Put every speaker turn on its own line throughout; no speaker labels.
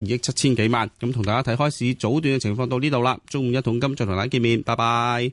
二億七千幾萬，咁同大家睇開市早段嘅情況到呢度啦。中午一桶金，再同大家見面，拜拜。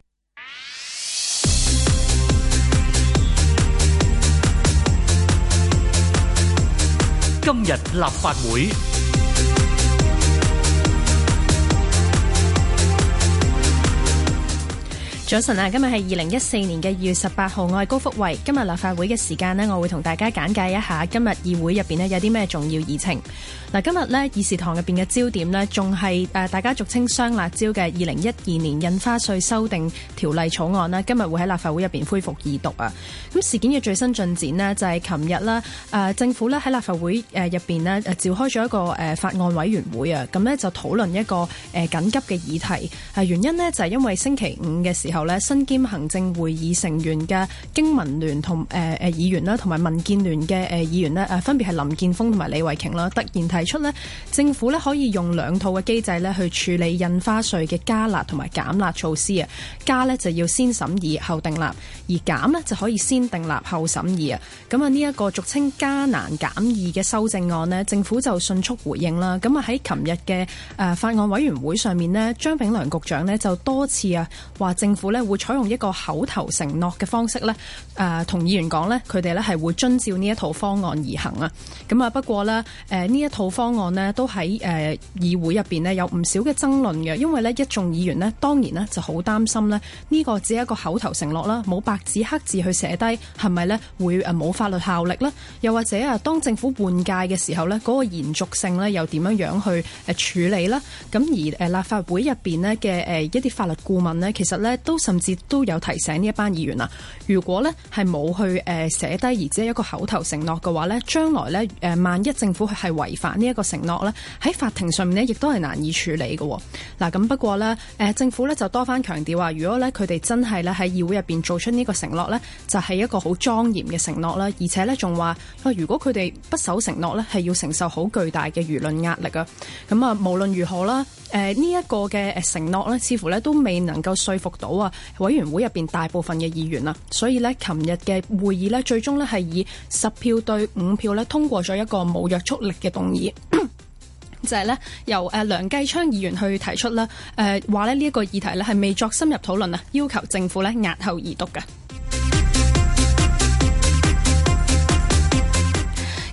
今日立法會。
早晨啊！今日係二零一四年嘅二月十八號，我係高福慧。今日立法會嘅時間呢，我會同大家簡介一下今日議會入邊呢有啲咩重要議程。嗱，今日呢，議事堂入邊嘅焦點呢，仲係誒大家俗稱雙辣招嘅二零一二年印花稅修訂條例草案啦，今日會喺立法會入邊恢復二讀啊。咁事件嘅最新進展呢，就係琴日啦，誒政府呢喺立法會誒入邊呢誒召開咗一個誒法案委員會啊。咁呢就討論一個誒緊急嘅議題，啊原因呢，就係因為星期五嘅時候。咧身兼行政會議成員嘅經民聯同誒誒議員啦，同埋民建聯嘅誒、呃、議員咧誒分別係林建峰同埋李慧瓊啦，突然提出咧政府咧可以用兩套嘅機制咧去處理印花稅嘅加納同埋減納措施啊，加咧就要先審議後定立，而減咧就可以先定立後審議啊。咁啊呢一個俗稱加難減易嘅修正案咧，政府就迅速回應啦。咁啊喺琴日嘅誒法案委員會上面咧，張炳良局長咧就多次啊話政府。咧會採用一個口頭承諾嘅方式咧，誒同議員講呢佢哋咧係會遵照呢一套方案而行啊。咁啊，不過呢，誒呢一套方案呢都喺誒議會入邊呢有唔少嘅爭論嘅，因為呢一眾議員呢當然呢就好擔心呢呢個只係一個口頭承諾啦，冇白紙黑字去寫低，係咪呢會誒冇法律效力啦？又或者啊，當政府換屆嘅時候呢，嗰個延續性呢又點樣樣去誒處理啦？咁而誒立法會入邊呢嘅誒一啲法律顧問呢，其實呢都。甚至都有提醒呢一班議員啊，如果咧係冇去誒寫低，而只係一個口頭承諾嘅話咧，將來咧誒萬一政府係違反呢一個承諾咧，喺法庭上面咧亦都係難以處理嘅。嗱咁不過咧，誒、呃、政府咧就多番強調啊，如果咧佢哋真係咧喺議會入邊做出呢個承諾咧，就係、是、一個好莊嚴嘅承諾啦，而且咧仲話啊，如果佢哋不守承諾咧，係要承受好巨大嘅輿論壓力啊。咁啊，無論如何啦，誒呢一個嘅誒承諾咧，似乎咧都未能夠說服到。委員會入邊大部分嘅議員啦，所以呢，琴日嘅會議呢，最終呢係以十票對五票呢通過咗一個冇約束力嘅動議， 就係呢，由誒梁繼昌議員去提出啦，誒話呢呢一個議題呢係未作深入討論啊，要求政府呢押後二讀嘅。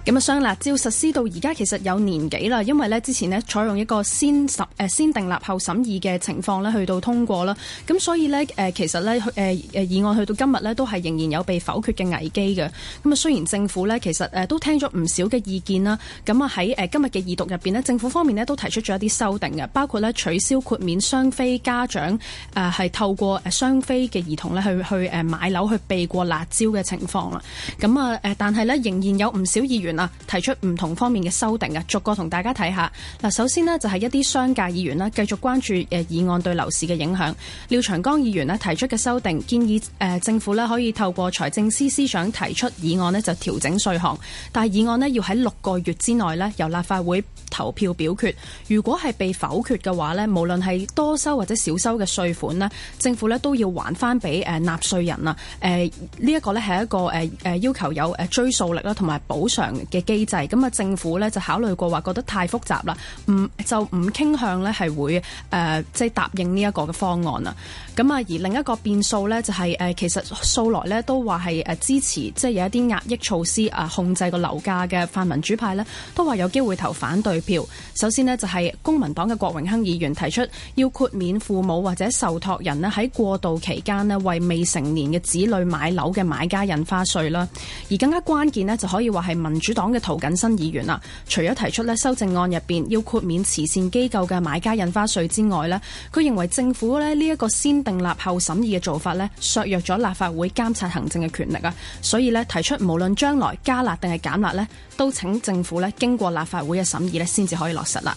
咁啊，雙辣招實施到而家其實有年紀啦年幾，因為咧之前呢採用一個先十先訂立後審議嘅情況咧，去到通過啦。咁所以咧其實咧誒誒議案去到今日咧，都係仍然有被否決嘅危機嘅。咁啊，雖然政府咧其實都聽咗唔少嘅意見啦。咁啊喺今日嘅二讀入面呢，政府方面呢都提出咗一啲修訂嘅，包括咧取消豁免雙非家長誒係透過誒雙非嘅兒童咧去去誒買樓去避過辣招嘅情況啦。咁啊但係咧仍然有唔少議員。提出唔同方面嘅修訂啊，逐個同大家睇下。嗱，首先呢，就係一啲商界議員呢繼續關注誒議案對樓市嘅影響。廖長江議員呢提出嘅修訂建議，誒政府呢可以透過財政司司長提出議案呢就調整稅項。但係議案呢要喺六個月之內呢由立法會投票表決。如果係被否決嘅話呢，無論係多收或者少收嘅稅款呢，政府呢都要還翻俾誒納稅人啊。誒、這、呢、個、一個呢係一個誒誒要求有誒追溯力啦，同埋補償。嘅機制，咁啊政府咧就考慮過話覺得太複雜啦，唔就唔傾向咧係會誒即係答應呢一個嘅方案啦。咁啊而另一個變數咧就係、是、誒其實素來咧都話係誒支持即係、就是、有一啲壓抑措施啊控制個樓價嘅泛民主派咧都話有機會投反對票。首先咧就係公民黨嘅郭榮鏗議員提出要豁免父母或者受託人咧喺過渡期間咧為未成年嘅子女買樓嘅買家印花稅啦。而更加關鍵咧就可以話係民主主黨嘅涂謹申議員啦，除咗提出咧修正案入邊要豁免慈善機構嘅買家印花稅之外咧，佢認為政府咧呢一個先訂立後審議嘅做法咧削弱咗立法會監察行政嘅權力啊，所以咧提出無論將來加納定係減納咧，都請政府咧經過立法會嘅審議咧先至可以落實啦。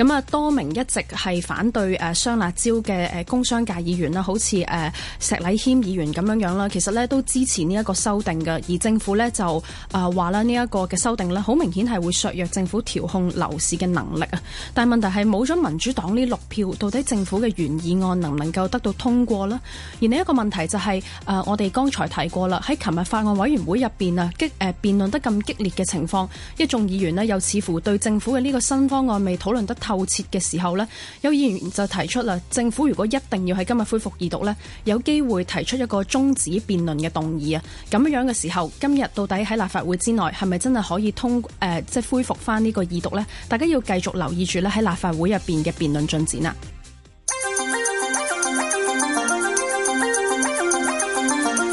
咁啊，多名一直係反對誒雙辣招嘅誒工商界議員啦，好似誒石禮謙議員咁樣樣啦，其實咧都支持呢一個修訂嘅。而政府咧就誒話啦，呢一個嘅修訂咧，好明顯係會削弱政府調控樓市嘅能力啊。但問題係係冇咗民主黨呢六票，到底政府嘅原議案能唔能夠得到通過啦？而另一個問題就係、是、誒我哋剛才提過啦，喺琴日法案委員會入邊啊激誒辯論得咁激烈嘅情況，一眾議員咧又似乎對政府嘅呢個新方案未討論得太。後撤嘅時候呢，有議員就提出啦，政府如果一定要喺今日恢復二讀呢，有機會提出一個終止辯論嘅動議啊！咁樣嘅時候，今日到底喺立法會之內係咪真係可以通？誒、呃，即係恢復翻呢個二讀呢？大家要繼續留意住咧，喺立法會入邊嘅辯論進展啊！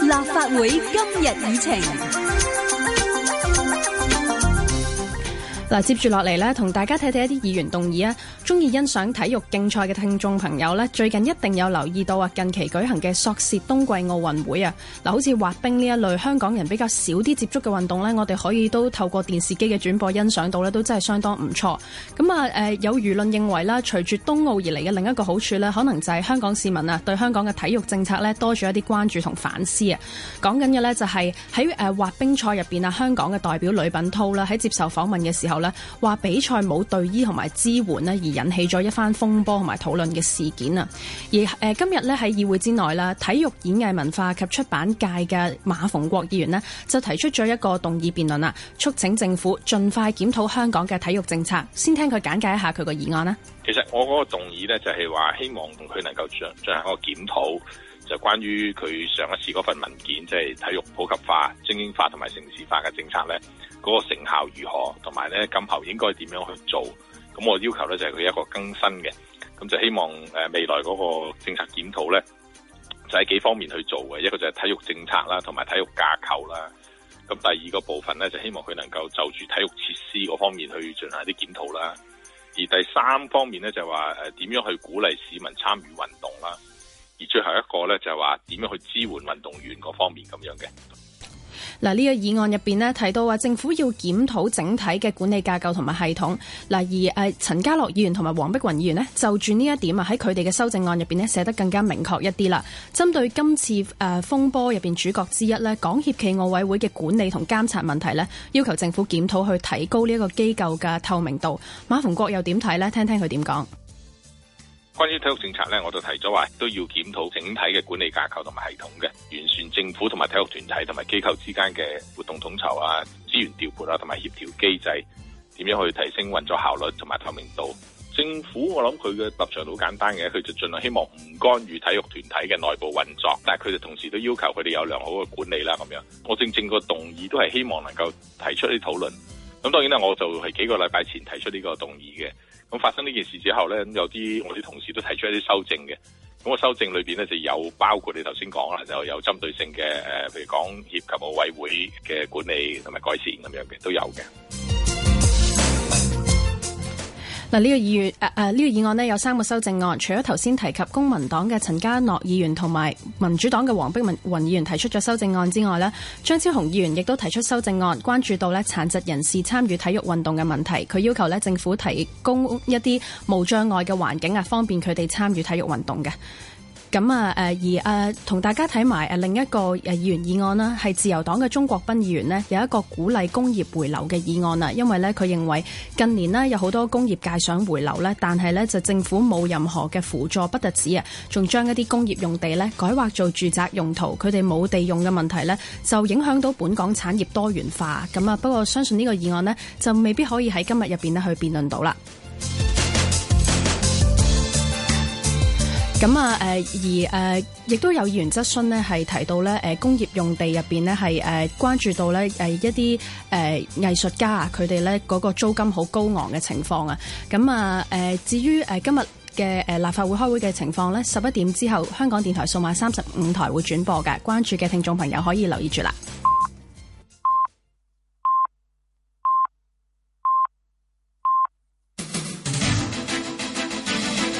立法會今日議程。嗱，接住落嚟咧，同大家睇睇一啲議員動議啊。中意欣賞體育競賽嘅聽眾朋友咧，最近一定有留意到啊！近期舉行嘅索契冬季奧運會啊，嗱，好似滑冰呢一類香港人比較少啲接觸嘅運動咧，我哋可以都透過電視機嘅轉播欣賞到咧，都真係相當唔錯。咁啊，誒、呃，有輿論認為咧，隨住冬奧而嚟嘅另一個好處咧，可能就係香港市民啊，對香港嘅體育政策咧多咗一啲關注同反思啊。講緊嘅咧就係喺誒滑冰賽入邊啊，香港嘅代表呂品濤啦，喺接受訪問嘅時候咧，話比賽冇隊醫同埋支援咧而。引起咗一番風波同埋討論嘅事件啊！而誒、呃，今日咧喺議會之內啦，體育演藝文化及出版界嘅馬逢國議員咧就提出咗一個動議辯論啦，促請政府儘快檢討香港嘅體育政策。先聽佢簡介一下佢個議案啦。
其實我嗰個動議咧就係話，希望佢能夠進進行一個檢討，就關於佢上一次嗰份文件，即係體育普及化、精英化同埋城市化嘅政策咧，嗰個成效如何，同埋咧今後應該點樣去做。咁我要求咧就係、是、佢一個更新嘅，咁就希望誒未來嗰個政策檢討咧就喺、是、幾方面去做嘅，一個就係體育政策啦，同埋體育架構啦。咁第二個部分咧就是、希望佢能夠就住體育設施嗰方面去進行一啲檢討啦。而第三方面咧就係話誒點樣去鼓勵市民參與運動啦。而最後一個咧就係話點樣去支援運動員嗰方面咁樣嘅。
嗱呢個議案入邊呢，提到話政府要檢討整體嘅管理架構同埋系統，嗱而誒陳家洛議員同埋黃碧雲議員就住呢一點啊，喺佢哋嘅修正案入邊呢，寫得更加明確一啲啦。針對今次誒風波入邊主角之一呢，港協暨奧委會嘅管理同監察問題呢，要求政府檢討去提高呢一個機構嘅透明度。馬逢國又點睇呢？聽聽佢點講。
關於體育政策咧，我就提咗話都要檢討整體嘅管理架構同埋系統嘅，完善政府同埋體育團體同埋機構之間嘅活動統籌啊、資源調撥啊同埋協調機制，點樣去提升運作效率同埋透明度？政府我諗佢嘅立場好簡單嘅，佢就盡量希望唔干預體育團體嘅內部運作，但係佢哋同時都要求佢哋有良好嘅管理啦。咁樣，我正正個動議都係希望能夠提出呢討論。咁當然啦，我就係幾個禮拜前提出呢個動議嘅。咁發生呢件事之後咧，有啲我啲同事都提出一啲修正嘅。咁、個修正裏邊咧就有包括你頭先講啦，就有針對性嘅，誒，譬如講涉及某委會嘅管理同埋改善咁樣嘅都有嘅。
嗱，呢個議員，誒誒呢個議案有三個修正案，除咗頭先提及公民黨嘅陳家洛議員同埋民主黨嘅黃碧雲議員提出咗修正案之外咧，張超雄議員亦都提出修正案，關注到呢殘疾人士參與體育運動嘅問題，佢要求呢政府提供一啲無障礙嘅環境啊，方便佢哋參與體育運動嘅。咁啊，誒而誒、呃、同大家睇埋誒另一個誒議員議案啦，係自由黨嘅鍾國斌議員咧有一個鼓勵工業回流嘅議案啦，因為咧佢認為近年呢有好多工業界想回流咧，但係咧就政府冇任何嘅輔助，不特止啊，仲將一啲工業用地咧改劃做住宅用途，佢哋冇地用嘅問題咧就影響到本港產業多元化。咁啊，不過相信呢個議案咧就未必可以喺今日入邊咧去辯論到啦。咁啊，誒，而誒，亦都有議員質詢咧，係提到咧，誒，工業用地入邊咧，係誒，關注到咧，誒，一啲誒，藝術家啊，佢哋咧嗰個租金好高昂嘅情況啊。咁啊，誒，至於誒今日嘅誒立法會開會嘅情況咧，十一點之後，香港電台數碼三十五台會轉播嘅，關注嘅聽眾朋友可以留意住啦。